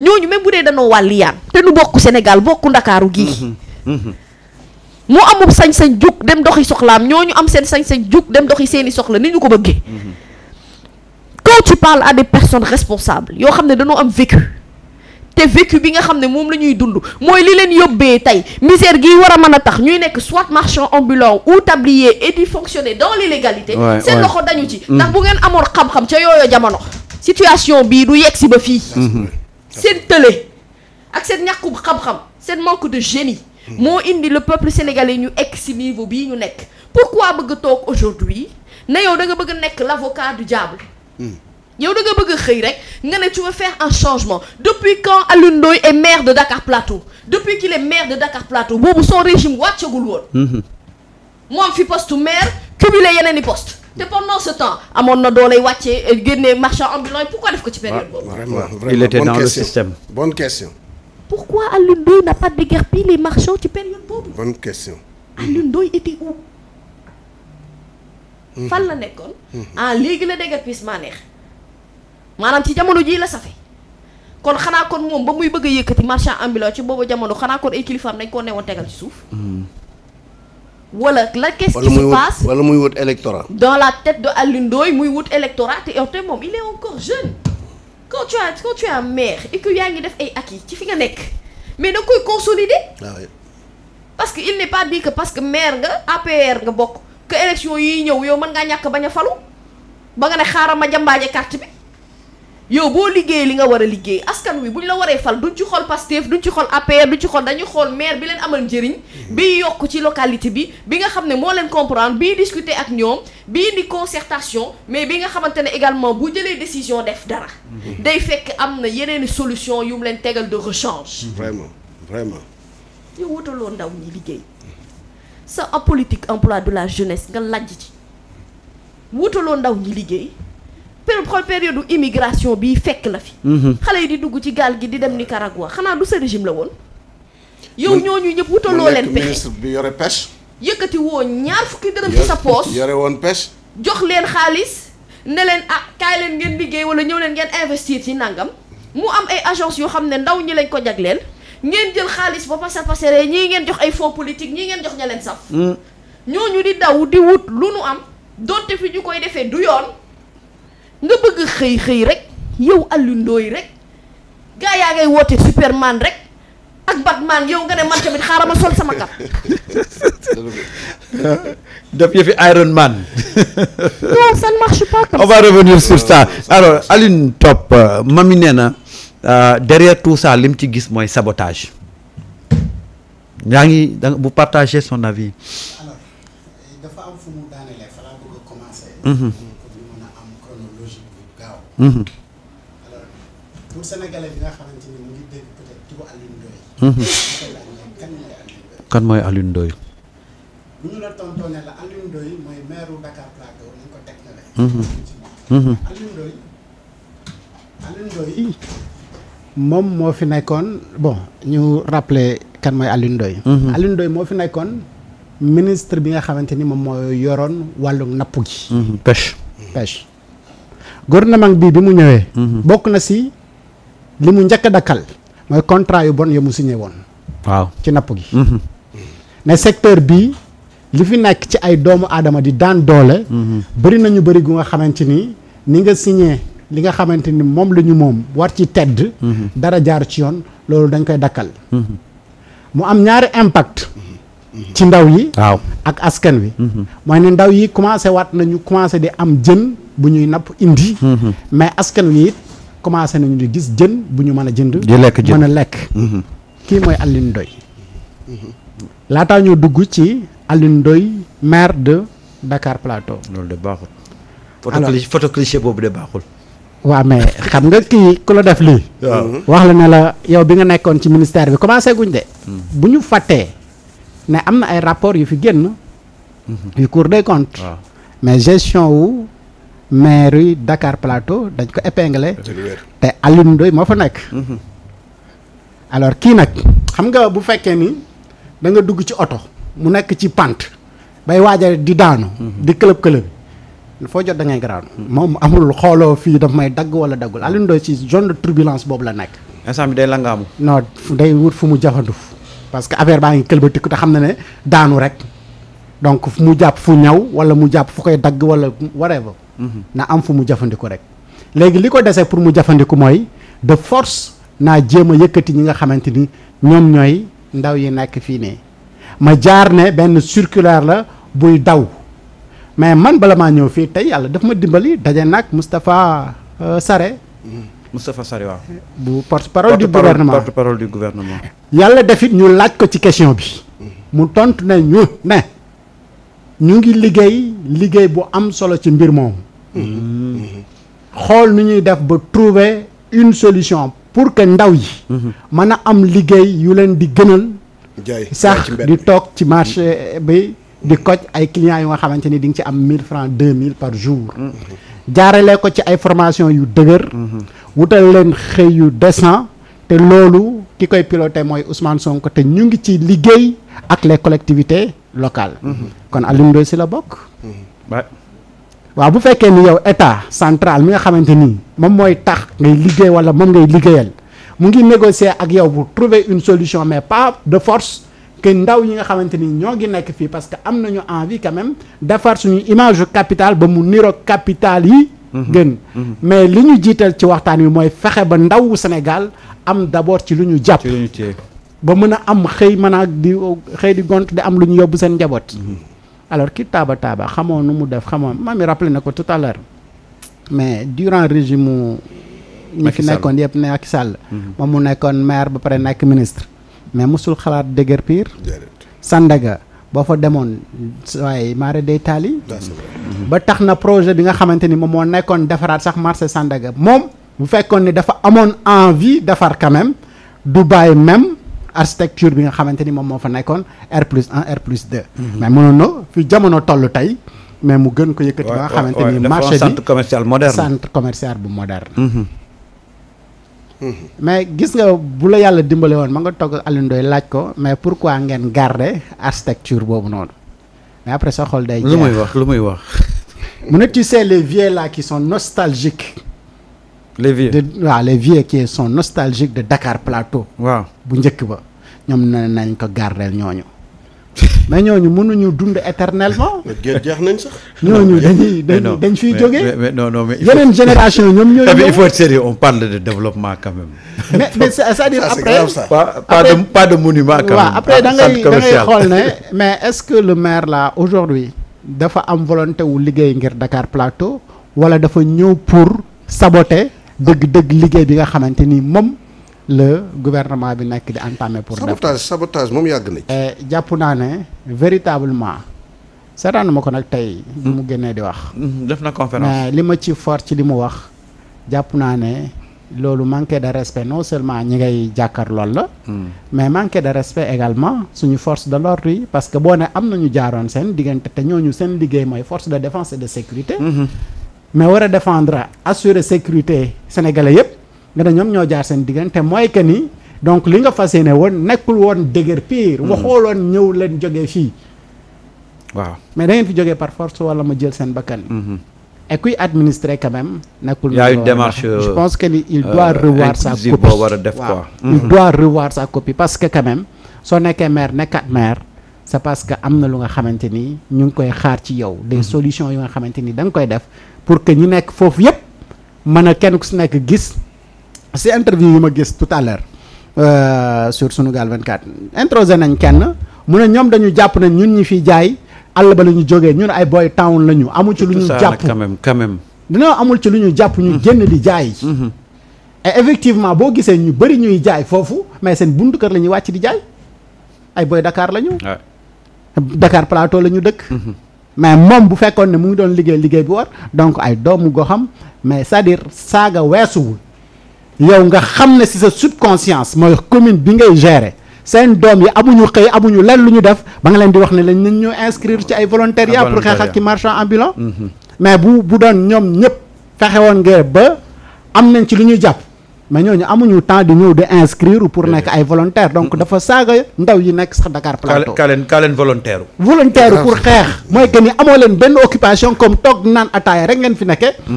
ñooñu même bu dee danoo wàlliyaan te nu bokk Sénégal bokku ndakaaru gii mhm, mhm. mu amul sañ-sañ jug dem doxi soxlaam ñu am seen sañ-sañ jug dem doxi seeni soxla ni ñu ko bëggee mhm. quand tu parles à des personnes responsables yoo xam ne danoo am vécu te vécu bi nga xam ne moom la ñuy dund mooy li leen yóbbee tey misère gi war mën a tax ñuy nekk soit marchand ambulant ou tablier et di fonctionner dans l'illégalité seen loxo dañu ci ndax bu ngeen amoon xam-xam ca yooyo jamono situation bii du yegg si ba fii seen tële ak seen ñàkku xam-xam seen manque de génie hmm. moo indi le peuple sénégalais ñu egg si niveau bii ñu nekk pourquoi bëgg toog aujourd'hui ne yow da nga bëgg nekk l'avocat du diable hmm. yow da nga bëgg xëy rek nga ne tu veux faire un changement depuis quand Alioune Ndoye est maire de Dakar Plateau depuis qu'il est maire de Dakar Plateau boobu son régime wàccagul woon moom fi poste maire cumulé yeneen i poste te pendant ce temps amoon na doolay wàccee euh, génne marchand ambulant pourquoi def ko ci période boobu. vraiment vraiment il était dans le système bonne question. pourquoi Alioune Ndoye n'a pas déguerpi les marchands ci période boobu. bonne question. Alioune Ndoye était où. Mhm. la nekkoon. Mhm. ah léegi la déguerpissement neex maanaam ci jamono jii la safe kon xanaa kon moom ba muy bëgg a yëkkati marchand ambulant ci boobu jamono xanaa kon ay kilifaam dañ koo newoon tegal ci suuf. Mhm. wala la qu'est-ce qui se passe wala muy wut électorat dans la tête de Alioune muy wut électorat te yow te moom il est encore jeune quand tu as quand maire et yaa ngi def ay acquis ci fi nga nekk mais da nga koy consolider ah parce que il n'est pas dit parce que maire nga APR nga bokk que élection yi ñëw yow mën ngaa ñàkk bañ a falu ba nga ne xaaral ma jambaaje carte bi yow boo liggéey li nga war a liggéey askan wi bu ñu la waree fal duñ ci xool Pastef duñ ci xool APR duñ ci xool dañuy xool maire bi leen amal njëriñ mhm. bi yokk ci localité bi bi nga xam ne moo leen comprendre bii discuter ak ñoom bii di concertation mais bi nga xamante ne également bu jëlee décision def dara mhm. day fekk am na yeneen solution yu mu leen tegal de rechange mhm. vraiment vraiment yow wutaloo ndaw ñi liggéey sa politique emploi de la jeunesse nga lajj ci wutaloo ndaw ñi liggéey xool période immigration bi fekk la fi. Mhm. xale yi di dugg ci gaal gi di dem Nicaragua xanaa du sa régime la woon. yow ñu ñëpp wutaloo leen pexe ministre bi yore pêche. yëkkati woo ñaar fukki dërëm ci sa poos woon pêche. jox leen xaalis ne leen ah kaay leen ngeen liggéey wala ñëw leen ngeen investir ci nangam mu am ay agence yoo xam ne ndaw ñi lañ ko jagleel ngeen jël xaalis ba pasar pasaree ñii ngeen jox ay fonds politique ñii ngeen jox ña leen saf. Mm. ñooñu di daw di wut lu nu am donte fi ñu koy defee du yoon. nga bëgg xëy xëy rek yow Alioune rek gaa yaa ngay woote Superman rek ak Batman yow nga ne man tamit xaaral ma sol sama kap def yëfi Iron Man. non ça ne marche sur ça euh, alors Alioune Top euh, mami nee na euh, derrière tout ça lim ci gis mooy sabotage. yaa ngi da bu partager son avis. chronologique bu moom moo fi nekkoon bon ñu rappeler kan mooy Alioune Ndoye. Mhm. Alioune Ndoye moo fi nekkoon. ministre bi nga xamante ni moom moo yoroon wàllu napp gi. Mhm. pêche gouvernement bii bi mu ñëwee. Mhm. bokk na si li mu njëkk a dakkal mooy contrat yu bon yu mu signé woon. waaw ci napp gi. Mhm. ne secteur bii li fi nekk ci ay doomu aadama di daan doole. Mhm. bëri nañu bëri gu nga xamante ni ni nga signé li nga xamante ni moom lañu moom war ci tedd. dara jaar ci yoon loolu dañ koy dakkal. mu am ñaari impact. ci ndaw yi. waaw ak askan wi. mooy ne ndaw yi commencé waat nañu commencé di am jën. bu ñuy napp indi. Mhm. mais askan wi it commencé nañu di gis jën bu ñu mën a jënd. di lekk jën mën a lekk. Mhm. kii mooy Alioune Ndoye. Mhm. laataa ñoo dugg ci Alioune Ndoye maire de Dakar Plateau. loolu de baaxul. alors photo cliché boobu de baaxul. waaw mais xam nga kii ku la def lii. wax la ne la yow bi nga nekkoon ci ministère bi commencé guñ de. bu ñu fàttee ne am na ay rapport yu fi génn. yu Cour des comptes. mais gestion wu. maire yi Dakar Plateau dañ ko épinglé te Alioune Ndoye moo fa nekk mhm. alors kii nag xam nga bu fekkee ni danga dugg ci oto mu nekk ci pente bay waajal di daanu mhm. di këlëb-këlëb foo jot da ngay garaanu mhm. moom amul xooloo fii daf may dagg wala daggul Alioune Ndoye ci zone de turbulence boobu la nekk instant bi day langaamu non day wut fu mu jafandu parce que affaire baa ngi këlbatiku te xam na ne daanu rek donc mu jàpp fu ñaw wala mu jàpp fu koy dagg wala whatever na am fu mu jafandiku rek léegi li ko desee pour mu jafandiku mooy de force naa jéem a yëkkati ñi nga xamante ni ñoom ñooy ndaw yi nekk fii ne ma jaar ne benn circulaire la buy daw mais man bala maa ñëw fii tey yàlla daf ma dimbali daje nag Moustapha euh, Sare hmm. Moustapha Sare waaw bu porte parole du gouvernement porte parole du gouvernement yàlla ñu laaj ko ci question bi mu tontu ne ñu ne ñu ngi liggéey liggéey bu am solo ci mbir moomu xool nu ñuy def ba trouver une solution pour que ndaw yi mën a am liggéey yu leen di gënal sax di toog ci marché bi di koj ay clients yu nga xamante ni di nga ci am 1000 francs mille par jour jaarale ko ci ay formation yu dëgër wutal leen xëy yu décent te loolu ki koy pilote mooy Ousmane Sonko te ñu ngi ci liggéey ak les collectivités locales mhm. kon Alioune la bokk waaw bu fekkee ni yow état centrale mi nga xamante nii moom mooy tax ngay liggéey wala moom ngay liggéeyal mu ngi négocier ak yow bu trouver une solution mais pas de force que ndaw yi nga xamante ni ñoo ngi nekk fii parce que am nañu envie quand même defar suñu image capitale ba mu niro capital yi mhm. gën mhm. mais li ñu jiital ci waxtaan wi mooy fexe ba ndawu Sénégal am d'abord ci lu ñu jàpp ba mën a am xëy mën a di xëy di gont di am lu ñu yóbbu seen njaboot mhm. alors ki taaba taaba xamoon nu mu def xamoon maam mi rappelé na ko tout à mais durant régime mu. ñi fi nekkoon yëpp ne Macky Sall. Mhm. moom mu nekkoon maire ba pare nekk ministre. mais mosul xalaat piir Sandaga boo fa demoon waaye maare day taali. Mhm. ba tax na projet bi nga xamante ni moom moo nekkoon defaraat sax marché Sandaga moom. bu fekkoon ni dafa amoon envie defar quand même Dubaï même. architecture bi nga xamante ni moom moo fa nekkoon R plus 1 R plus 2. Mhm. mais mënoon na fi jamono toll tey. mais mu gën ko yëkkati ba nga xamante ni marché bi centre commercial moderne bu moderne. Mhm. Mhm. mais gis nga bu la yàlla dimbale woon ma nga togg Alioune Ndoye laaj ko mais pourquoi ngeen garder architecture boobu noonu mais après sa xol day. jeex lu muy wax mu ne tu les vieux qui sont nostalgiques. les vieux qui sont nostalgiques de Dakar Plateau. bu njëkk ba. ñoom na nañ ko gardeel ñooñu mais ñooñu mënuñu dund éternellement. jeex nañ sax. ñooñu dañuy dañ dañ fiy jógee. mais non non mais yeneen génération ñoom ñooñu. mais il faut être on parle de développement quand même. mais est-ce que le maire là aujourd'hui dafa am volonté wu liggéey ngir Dakar Plateau wala dafa ñëw pour saboter dëgg-dëgg liggéey bi nga xamante ni moom. le gouvernement bi nekk di entamer pour sabotage sabotage moom yàgg na ci eh, jàpp naa ne véritablement seetaan ma ko nag tey bi hmm. mu génnee di wax hmm, def na conférence mais li ma ci fort ci li mu wax jàpp naa ne loolu manque de respect non seulement ñi ngay jàkkaar la hmm. mais manque de respect également suñu force de l'ordre yi parce que boo ne am nañu jaaroon seen diggante te ñooñu seen liggéey mooy force de défense de sécurité mais war a défendre assurer sécurité sénégalais yëpp nga ne ñoom ñoo jaar seen diggante mooy que ni donc li nga fas yéene woon nekkul woon dëgër pire. Hmm. waxooloon ñëw leen jógee fii. waaw mais da fi jógee par force wala ma jël seen bakkan. Hmm. et kuy administrer quand même. nekkul y a euh, que ni il doit euh, revoir sa copie war def quoi. il hmm. doit revoir sa copie parce que quand même soo nekkee maire nekkat maire. c'est parce que am na lu nga xamante ni ñu ngi koy xaar ci yow des solutions yu nga xamante ni danga koy def pour que ñu nekk foofu yëpp mën a kenn ku nekk gis. si interview yu ma gis tout à l'heure euh, sur Sunugal 24 introsé nañ kenn mu ne ñoom dañu jàpp ne ñun ñi fiy jaay àll ba la ñu jógee ñun ay boy town la ñu amul ci lu ñu jàpp quand même quand même amul ci lu ñu jàpp ñu mm-hmm. génn di jaay mm-hmm. et effectivement boo gisee ñu bëri ñuy jaay foofu mais seen buntu kër la ñuy wàcc di jaay ay boy Dakar la ñu Dakar Plateau la ñu dëkk mm-hmm. mais moom bu fekkoon ne mu ngi doon liggéey liggéey bi war donc ay doomu goxam mais c'est-à-dire saaga weesuwul yow nga xam ne si sa subconscience mooy commune bi ngay gérer seen doom yi amuñu xëy amuñu lan lu ñu def ba nga leen di wax ne lañ nañ ñoo inscrire ci ay volontariat ah, pour xeex ak ki marchand ambulant mm-hmm. mais bu bu doon ñoom ñëpp fexe woon nga ba am nañ ci lu ñuy jàpp mais ñooñu amuñu temps di ñëw de inscrire pour eh. nekk ay volontaire donc mm-hmm. dafa saaga ndaw yi nekk sax Dakar Plateau kaa leen kaa leen volontaire volontaire pour ah. xeex mooy que ni amoo leen benn occupation comme toog naan ataaya rek ngeen fi nekkee mm-hmm.